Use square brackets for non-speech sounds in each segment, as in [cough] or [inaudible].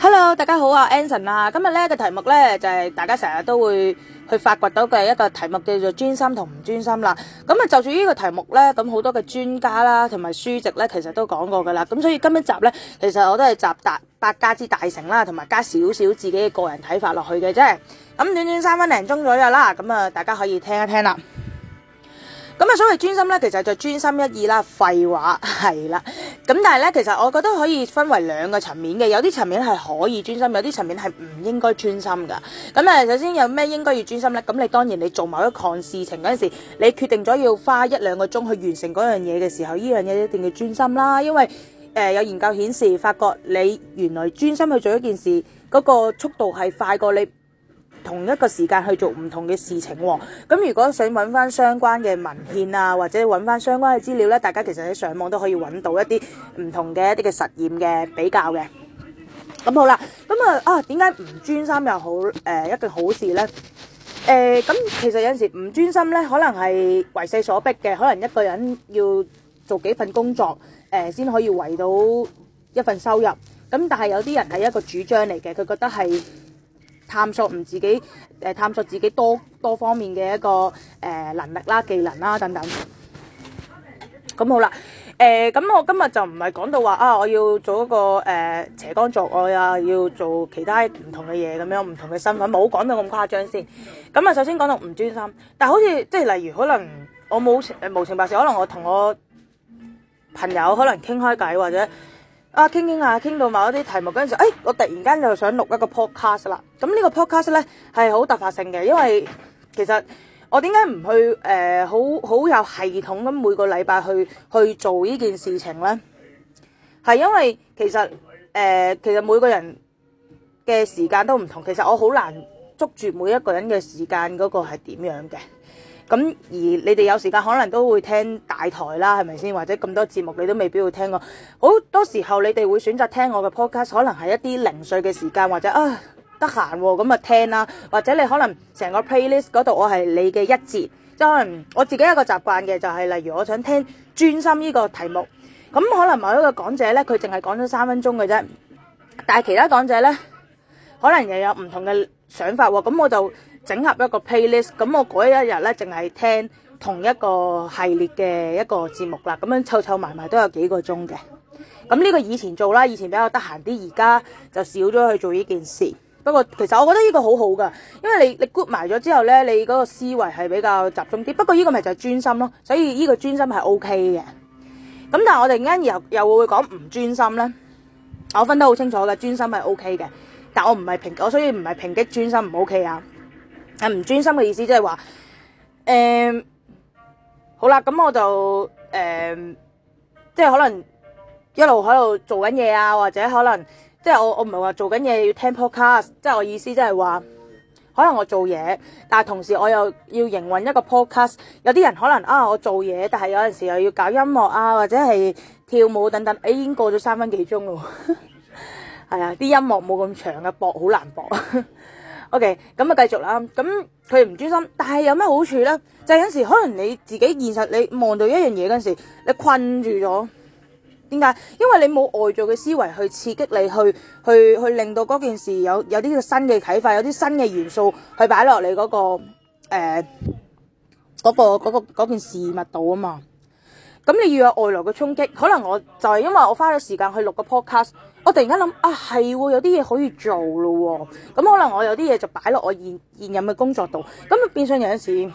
Hello，大家好啊，Anson 啊，今日呢個題目呢，就係大家成日都會去發掘到嘅一個題目叫做專心同唔專心啦。咁啊，就住呢個題目呢，咁好多嘅專家啦，同埋書籍呢，其實都講過噶啦。咁所以今一集呢，其實我都係集達百家之大成啦，同埋加少少自己嘅個人睇法落去嘅，啫。咁短短三分零鐘左右啦，咁啊，大家可以聽一聽啦。咁啊，所謂專心咧，其實就專心一意啦。廢話，係啦。咁但係咧，其實我覺得可以分為兩個層面嘅，有啲層面係可以專心，有啲層面係唔應該專心㗎。咁啊，首先有咩應該要專心咧？咁你當然你做某一項事情嗰陣時，你決定咗要花一兩個鐘去完成嗰樣嘢嘅時候，呢樣嘢一定要專心啦。因為誒、呃、有研究顯示，發覺你原來專心去做一件事，嗰、那個速度係快過你，同一個時間去做唔同嘅事情喎，咁如果想揾翻相關嘅文獻啊，或者揾翻相關嘅資料咧，大家其實喺上網都可以揾到一啲唔同嘅一啲嘅實驗嘅比較嘅。咁好啦，咁啊啊，點解唔專心又好誒一個好事咧？誒咁其實有陣時唔專心咧，可能係為勢所逼嘅，可能一個人要做幾份工作誒先可以維到一份收入。咁但係有啲人係一個主張嚟嘅，佢覺得係。探索唔自己，誒探索自己多多方面嘅一個誒能力啦、技能啦等等。咁好啦，誒咁我今日就唔係講到話啊，我要做一個誒斜槓作愛啊，要做其他唔同嘅嘢咁樣，唔同嘅身份，冇講到咁誇張先。咁啊，首先講到唔專心，但係好似即係例如，可能我冇誒無情白事，可能我同我朋友可能傾開偈或者。啊，傾傾下，傾到某一啲題目嗰陣時，誒，我突然間又想錄一個 podcast 啦。咁呢個 podcast 咧係好突發性嘅，因為其實我點解唔去誒好好有系統咁每個禮拜去去做呢件事情咧？係因為其實誒其實每個人嘅時間都唔同，其實我好難捉住每一個人嘅時間嗰個係點樣嘅。咁而你哋有時間可能都會聽大台啦，係咪先？或者咁多節目你都未必會聽過。好多時候你哋會選擇聽我嘅 podcast，可能係一啲零碎嘅時間，或者啊得閒喎咁啊聽啦。或者你可能成個 playlist 嗰度，我係你嘅一節。即係我自己一個習慣嘅，就係例如我想聽專心呢個題目，咁可能某一個講者呢，佢淨係講咗三分鐘嘅啫，但係其他講者呢，可能又有唔同嘅想法喎。咁我就～整合一個 playlist，咁我嗰一日咧淨係聽同一個系列嘅一個節目啦。咁樣湊湊埋埋都有幾個鐘嘅。咁呢個以前做啦，以前比較得閒啲，而家就少咗去做呢件事。不過其實我覺得呢個好好噶，因為你你 group 埋咗之後呢，你嗰個思維係比較集中啲。不過呢個咪就係專心咯，所以呢個專心係 O K 嘅。咁但係我哋啱又又會講唔專心咧。我分得好清楚噶，專心係 O K 嘅，但我唔係評我所以唔係評擊專心唔 O K 啊。係、啊、唔專心嘅意思就是說，即係話，誒好啦，咁我就誒、嗯，即係可能一路喺度做緊嘢啊，或者可能即係我我唔係話做緊嘢要聽 podcast，即係我意思即係話，可能我做嘢，但係同時我又要營運一個 podcast。有啲人可能啊，我做嘢，但係有陣時又要搞音樂啊，或者係跳舞等等。哎，已經過咗三分幾鐘咯，係 [laughs] 啊，啲音樂冇咁長嘅，播好難播。O.K. 咁啊，繼續啦。咁佢唔專心，但係有咩好處呢？就係有時可能你自己現實你望到一樣嘢嗰陣時，你困住咗點解？因為你冇外在嘅思維去刺激你，去去去令到嗰件事有有啲新嘅啟發有啲新嘅元素去擺落你嗰個誒嗰個嗰個嗰件事物度啊嘛～咁你要有外來嘅衝擊，可能我就係因為我花咗時間去錄個 podcast，我突然間諗啊，係喎，有啲嘢可以做咯。咁可能我有啲嘢就擺落我現現任嘅工作度，咁啊變相有陣時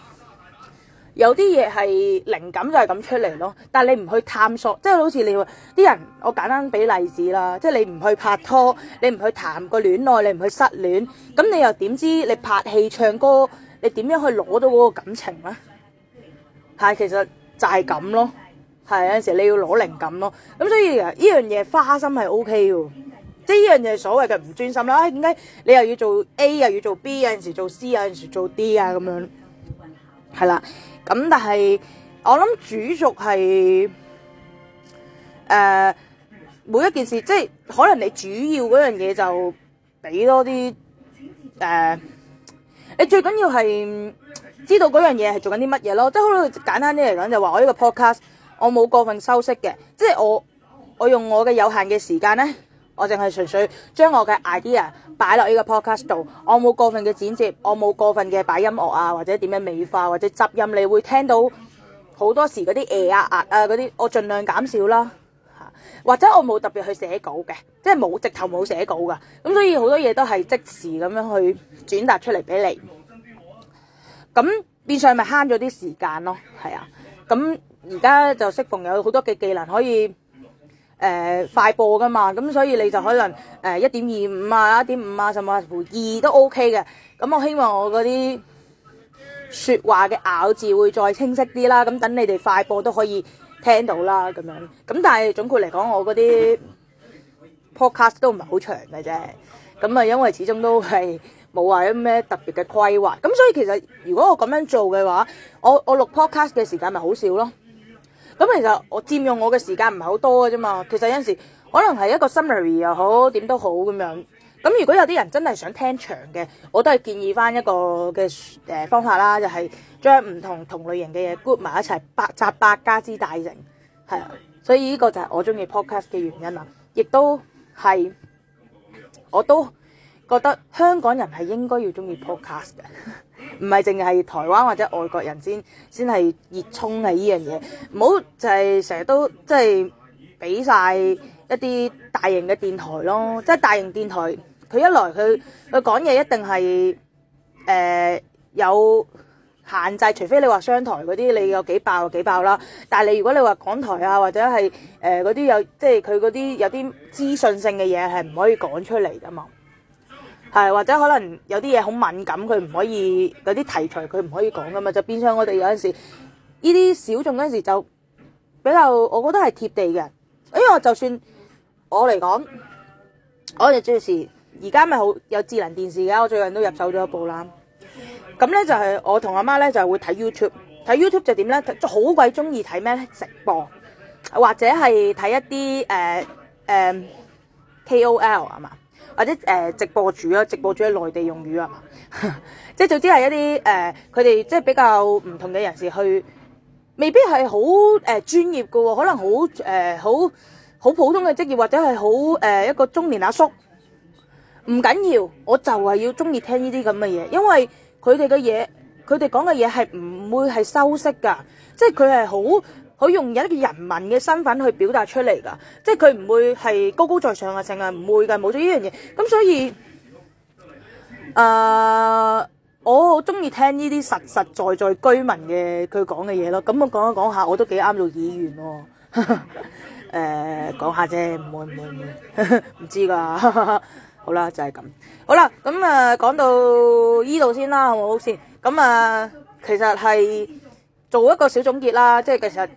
有啲嘢係靈感就係咁出嚟咯。但係你唔去探索，即係好似你話啲人，我簡單俾例子啦，即係你唔去拍拖，你唔去談個戀愛，你唔去失戀，咁你又點知你拍戲唱歌，你點樣去攞到嗰個感情呢？係其實就係咁咯。係有陣時你要攞靈感咯，咁所以呢呢樣嘢花心係 O K 嘅，即係呢樣嘢所謂嘅唔專心啦。點解你又要做 A 又要做 B，有陣時做 C，有陣時做 D 啊咁樣係啦。咁但係我諗主軸係誒每一件事，即係可能你主要嗰樣嘢就俾多啲誒、呃。你最緊要係知道嗰樣嘢係做緊啲乜嘢咯。即係好簡單啲嚟講，就話我呢個 podcast。我冇過分修飾嘅，即係我我用我嘅有限嘅時間呢，我淨係純粹將我嘅 idea 擺落呢個 podcast 度。我冇過分嘅剪接，我冇過分嘅擺音樂啊，或者點樣美化或者執音你會聽到好多時嗰啲呃啊呃啊嗰啲，我盡量減少啦嚇。或者我冇特別去寫稿嘅，即係冇直頭冇寫稿噶。咁所以好多嘢都係即時咁樣去轉達出嚟俾你。咁變相咪慳咗啲時間咯，係啊咁。而家就適逢有好多嘅技能可以誒、呃、快播噶嘛，咁所以你就可能誒一點二五啊、一點五啊、甚至乎二都 O K 嘅。咁我希望我嗰啲說話嘅咬字會再清晰啲啦。咁等你哋快播都可以聽到啦。咁樣，咁，但係總括嚟講我嗰啲 podcast 都唔係好長嘅啫。咁啊，因為始終都係冇話有咩特別嘅規劃，咁所以其實如果我咁樣做嘅話，我我錄 podcast 嘅時間咪好少咯。咁其實我佔用我嘅時間唔係好多嘅啫嘛，其實有陣時可能係一個 summary 又好，點都好咁樣。咁如果有啲人真係想聽長嘅，我都係建議返一個嘅誒方法啦，就係將唔同同類型嘅嘢 group 埋一齊，百集百家之大成。係啊，所以呢個就係我中意 podcast 嘅原因啦，亦都係我都覺得香港人係應該要中意 podcast 嘅。唔係淨係台灣或者外國人先先係熱衷係呢樣嘢，唔好就係成日都即係俾晒一啲大型嘅電台咯，即係大型電台，佢一來佢佢講嘢一定係誒有限制，除非你話商台嗰啲，你有幾爆幾爆啦。但係你如果你話港台啊，或者係誒嗰啲有即係佢嗰啲有啲資訊性嘅嘢係唔可以講出嚟㗎嘛。係，或者可能有啲嘢好敏感，佢唔可以有啲題材，佢唔可以講㗎嘛，就變相我哋有陣時，呢啲小眾嗰陣時就比較，我覺得係貼地嘅。因為我就算我嚟講，我哋最時而家咪好有智能電視嘅，我最近都入手咗一部啦。咁咧就係、是、我同阿媽咧就是、會睇 YouTube，睇 YouTube 就點咧，好鬼中意睇咩直播，或者係睇一啲誒、呃呃、KOL 係嘛？或者誒直播主咯，直播主係內地用語啊，即 [laughs] 係總之係一啲誒佢哋即係比較唔同嘅人士去，未必係好誒專業嘅喎，可能好誒好好普通嘅職業，或者係好誒一個中年阿叔，唔緊要，我就係要鍾意聽呢啲咁嘅嘢，因為佢哋嘅嘢，佢哋講嘅嘢係唔會係修飾噶，即係佢係好。佢用一個人民嘅身份去表達出嚟㗎，即係佢唔會係高高在上啊，成日唔會㗎，冇咗呢樣嘢。咁所以，誒、呃，我好中意聽呢啲實實在在居民嘅佢講嘅嘢咯。咁我講一講下，我都幾啱做議員喎、哦。誒，講、呃、下啫，唔會唔會唔會，唔知㗎。好啦，就係、是、咁。好啦，咁啊，講、呃、到依度先啦，好唔好先？咁啊、呃，其實係做一個小總結啦，即係其實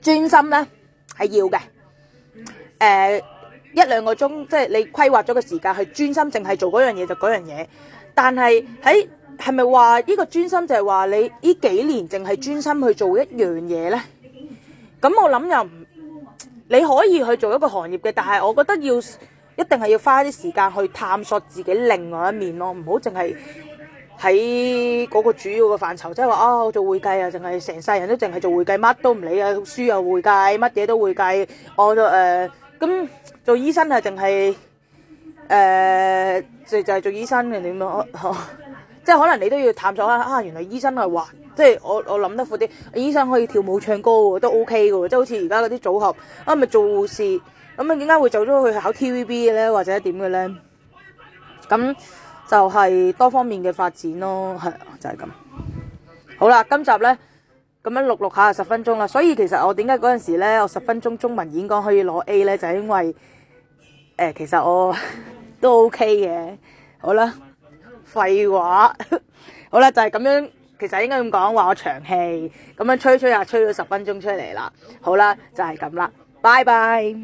專心呢係要嘅，誒一兩個鐘，即係你規劃咗個時間去專心，淨係做嗰樣嘢就嗰樣嘢。但係喺係咪話呢個專心就係話你呢幾年淨係專心去做一樣嘢呢？咁我諗又唔，你可以去做一個行業嘅，但係我覺得要一定係要花啲時間去探索自己另外一面咯，唔好淨係。喺嗰個主要嘅範疇，即係話啊，做會計啊，淨係成世人都淨係做會計，乜都唔理啊，書又會計，乜嘢都會計。我誒咁、呃、做醫生啊，淨係誒就就係做醫生定點樣、哦、即係可能你都要探索下啊，原來醫生係話，即係我我諗得闊啲，醫生可以跳舞唱歌都 OK 㗎喎，即係好似而家嗰啲組合啊，咪做護士咁啊？點解會走咗去考 TVB 嘅咧，或者點嘅咧？咁。就係、是、多方面嘅發展咯係就係、是、咁。好啦，今集呢咁樣錄錄下就十分鐘啦，所以其實我點解嗰陣時呢，我十分鐘中文演講可以攞 A 呢，就係、是、因為、呃、其實我都 OK 嘅。好啦，廢話 [laughs] 好、就是吹吹吹吹吹，好啦，就係、是、咁樣。其實應該咁講話我長氣，咁樣吹吹下，吹咗十分鐘出嚟啦。好啦，就係咁啦，拜拜。